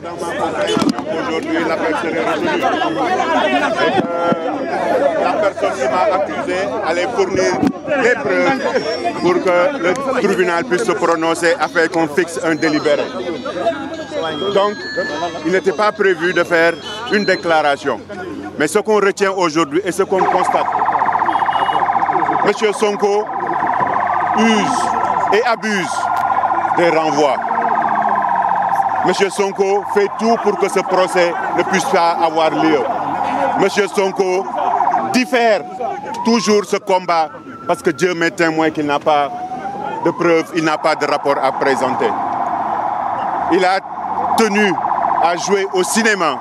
que dans aujourd'hui, euh, la personne qui m'a accusé allait fournir les preuves pour que le tribunal puisse se prononcer afin qu'on fixe un délibéré. Donc, il n'était pas prévu de faire une déclaration. Mais ce qu'on retient aujourd'hui et ce qu'on constate, M. Sonko use et abuse des renvois. M. Sonko fait tout pour que ce procès ne puisse pas avoir lieu. M. Sonko diffère toujours ce combat parce que Dieu m'est témoin qu'il n'a pas de preuves, il n'a pas de rapport à présenter. Il a tenu à jouer au cinéma.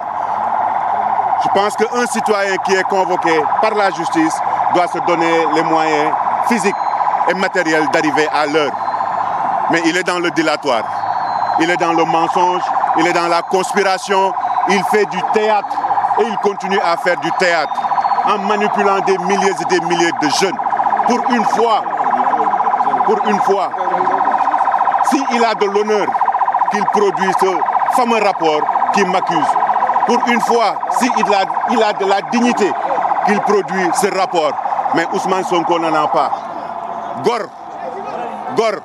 Je pense qu'un citoyen qui est convoqué par la justice doit se donner les moyens physiques et matériels d'arriver à l'heure. Mais il est dans le dilatoire. il est dans le mensonge, il est dans la conspiration, il fait du théâtre et il continue à faire du théâtre en manipulant des milliers et des milliers de jeunes. Pour une fois, pour une fois, s'il a de l'honneur qu'il produit ce fameux rapport qui m'accuse, pour une fois, s'il a, il a de la dignité qu'il produit ce rapport, mais Ousmane Sonko n'en a pas. Gor, gor,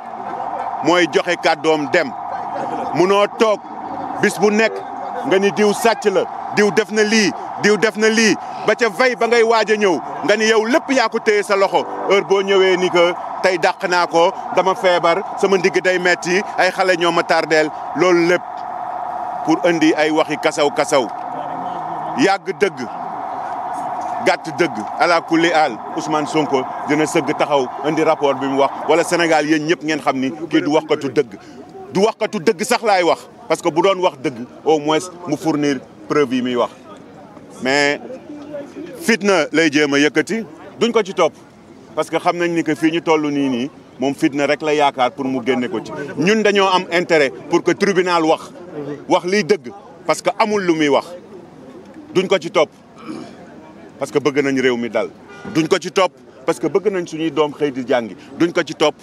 mooy joxe kàddoom dem. munoo toog bis bu nekk nga ni diw sàcc la diw def na lii diw def na lii ba ca vey ba ngay waaj a ñëw nga ni yow lépp yaa ko téye sa loxo heure boo ñëwee ni que tey dàq naa ko dama feebar sama ndigg day metti ay xale ñoo ma tardeel loolu lépp pour indi ay waxi kasaw kasaw yàgg dëgg gàtt dëgg ala kulli al Ousmane Sonko dina sëgg taxaw indi rapport bi mu wax wala senegal yéen ñëpp ngeen xam ni kii du waxkatu dëgg du wax katu dëgg sax laay wax parce que bu doon wax dëgg au moins mu fournir preuve yi wax mais fitna lay jéem a yëkkati duñ ko ci topp parce que xam nañ ni que fi ñu toll nii nii moom fitna rek la yaakaar pour mu génne ko ci ñun dañoo am intérêt pour que tribunal wax wax liy dëgg parce que amul lu muy wax duñ ko ci topp parce que bëgg nañ réew mi dal duñ ko ci topp parce que bëgg nañ suñuy doom xëy di jàngi duñ ko ci topp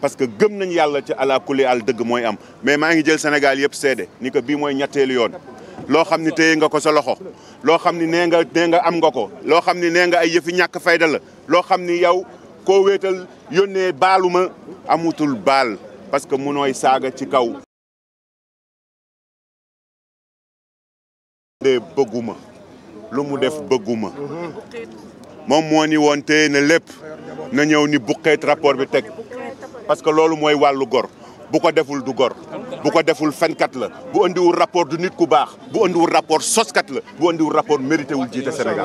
parce que gëm nañ yàlla ci ala kulli al dëgg mooy am mais maa ngi jël Sénégal yëpp seede ni que bii mooy ñetteelu yoon loo xam ni téye nga ko sa loxo loo xam ni nee nga nee nga am nga ko loo xam ni nee nga ay yëfi ñàkk fayda la loo xam ni yow koo wéetal yónnee baalu ma amutul baal parce que munooy saaga ci kaw de lu mu def bëgguma mm-hmm. moo ni woon na lépp na ñëw ni buqeet rapport bi teg parce que loolu mooy wàllu gor bu ko deful du gor bu ko deful fenkat la bu andiwul rapport du nit ku baax bu andiwul rapport soskat la bu andiwul rapport mérité wul jiite Sénégal